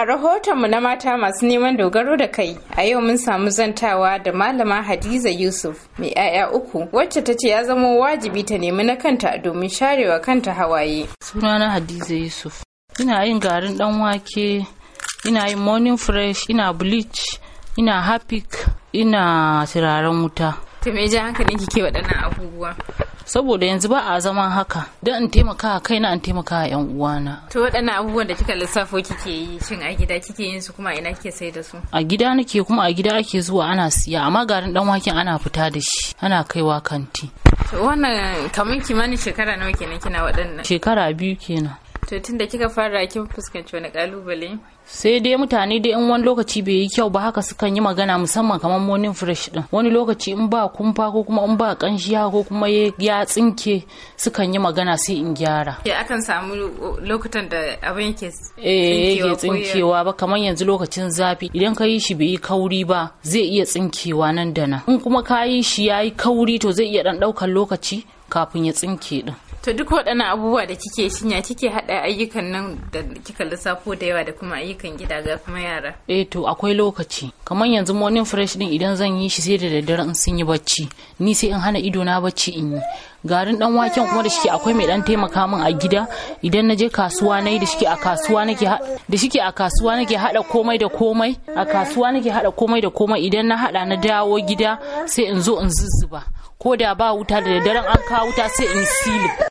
A rahotonmu na mata masu neman dogaro da kai, a yau mun samu zantawa da Malama Hadiza Yusuf mai 'ya'ya uku, wacce ta ce ya zama wajibi ta nemi na kanta domin sharewa kanta hawaye. Sunana Hadiza Yusuf. Ina yin garin dan wake, ina yin morning fresh, ina bleach, ina hapik, ina siraran wuta. ta me ja hankalin ki ke waɗannan abubuwa? saboda yanzu ba a zama haka don in taimaka kaina an taimaka yan uwana to waɗannan abubuwan da kika lissafo kike yi shin a gida kike yin su kuma ina kike sai da su a gida nake kuma a gida ake zuwa ana siya amma garin dan waken ana fita da shi ana kaiwa kanti wannan kamar kimanin shekara nawa kenan kina waɗannan shekara biyu kenan To tun da kika fara kin fuskanci wani kalubale? Sai dai mutane dai in wani lokaci bai yi kyau ba haka sukan yi magana musamman kamar morning fresh din. Wani lokaci in ba kumfa ko kuma in ba kanshi ko kuma ya tsinke sukan yi magana sai in gyara. Ya akan samu lokutan da abin yake eh, tsinkewa. tsinkewa ba kamar yanzu lokacin zafi idan ka yi shi bai yi kauri ba zai iya tsinkewa nan da nan. In kuma ka yi shi ya yi kauri to zai iya dan daukar lokaci kafin ya tsinke din. to duk waɗannan abubuwa da kike shinya kike haɗa ayyukan nan da kika lissafo da yawa da kuma ayyukan gida ga kuma yara eh to akwai lokaci kamar yanzu morning fresh din idan zan yi shi sai da daddare in sun yi bacci ni sai in hana ido na bacci in yi garin dan waken kuma da shike akwai mai dan taimaka min a gida idan na je kasuwa nayi da shike a kasuwa nake da shike a kasuwa nake hada komai da komai a kasuwa nake hada komai da komai idan na hada na dawo gida sai in zo in zuzzuba ko da ba wuta da daddare an kawo wuta sai in silip